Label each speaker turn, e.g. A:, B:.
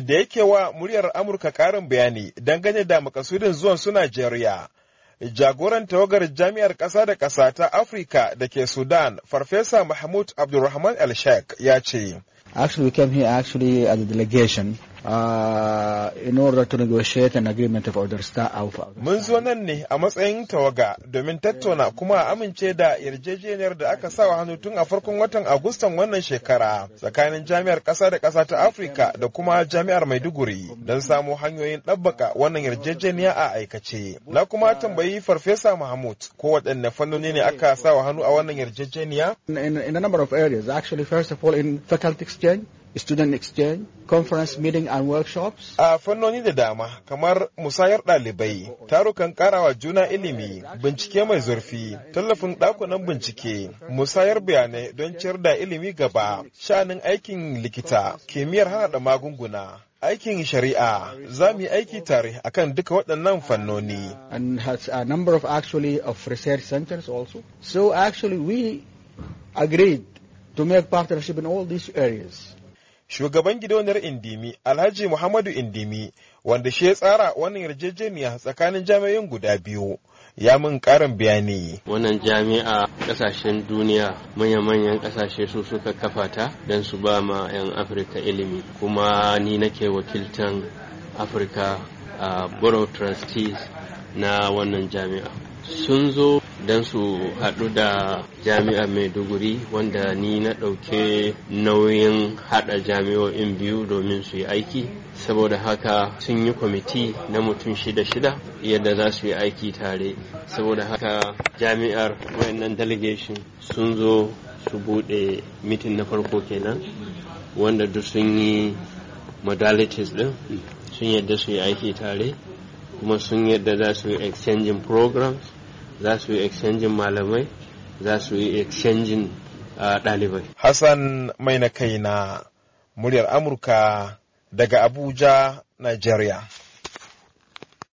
A: da yake wa muryar Amurka ƙarin bayani dangane da makasudin zuwan su Najeriya. Jagoran tawagar jami'ar ƙasa da ƙasa ta Afirka da ke Sudan, Farfesa Mahmud Abdulrahman El-Sheikh ya ce,
B: Actually, we came here actually as a delegation. Uh, in order to negotiate an agreement of
A: Mun zo nan ne a matsayin tawaga domin tattauna kuma a amince da yarjejeniyar da aka sawa hannu tun a farkon watan Agustan wannan shekara tsakanin jami'ar ƙasa da ƙasa ta Afirka da kuma jami'ar Maiduguri don samu hanyoyin ɗabbaka wannan yarjejeniya a aikace. Na kuma tambayi Farfesa Mahmud ko waɗanne fannoni ne aka sawa hannu a wannan yarjejeniya?
B: In, in a number of areas, actually first of all in faculty exchange, student exchange, conference meeting and workshops.
A: A fannoni da dama kamar musayar ɗalibai, tarukan karawa juna ilimi, bincike mai zurfi, tallafin ɗakunan bincike, musayar bayanai don ciyar da ilimi gaba, sha'anin aikin likita, kimiyyar hana magunguna, aikin shari'a za mu yi aiki tare akan duka waɗannan fannoni. And has a number of actually of research centers also. So actually we agreed to make partnership in all these areas. shugaban gidauniyar indimi alhaji muhammadu indimi wanda shi ya tsara wannan yarjejeniya tsakanin jami'in guda biyu ya min karin bayani
B: wannan jami'a kasashen duniya manya-manyan kasashe su suka kafa ta don su ba ma 'yan afirka ilimi kuma ni nake wakiltan afirka a ah, Borough trustees na wannan jami'a sun zo don su haɗu da jami'a maiduguri wanda ni na ɗauke nauyin haɗa jami'o'in biyu domin su yi aiki saboda haka sun yi kwamiti na mutum shida-shida yadda za su yi aiki tare saboda haka jami'ar wayannan delegation sun zo su buɗe mitin na farko kenan wanda duk sun yi modalities ɗin sun yadda su yi aiki tare kuma sun yadda za su yi exchanging programs za su yi exchanging malamai za su yi exchanging ah, ɗalibai.
A: Hassan mai na kaina muryar
B: Amurka
A: daga Abuja, Nigeria.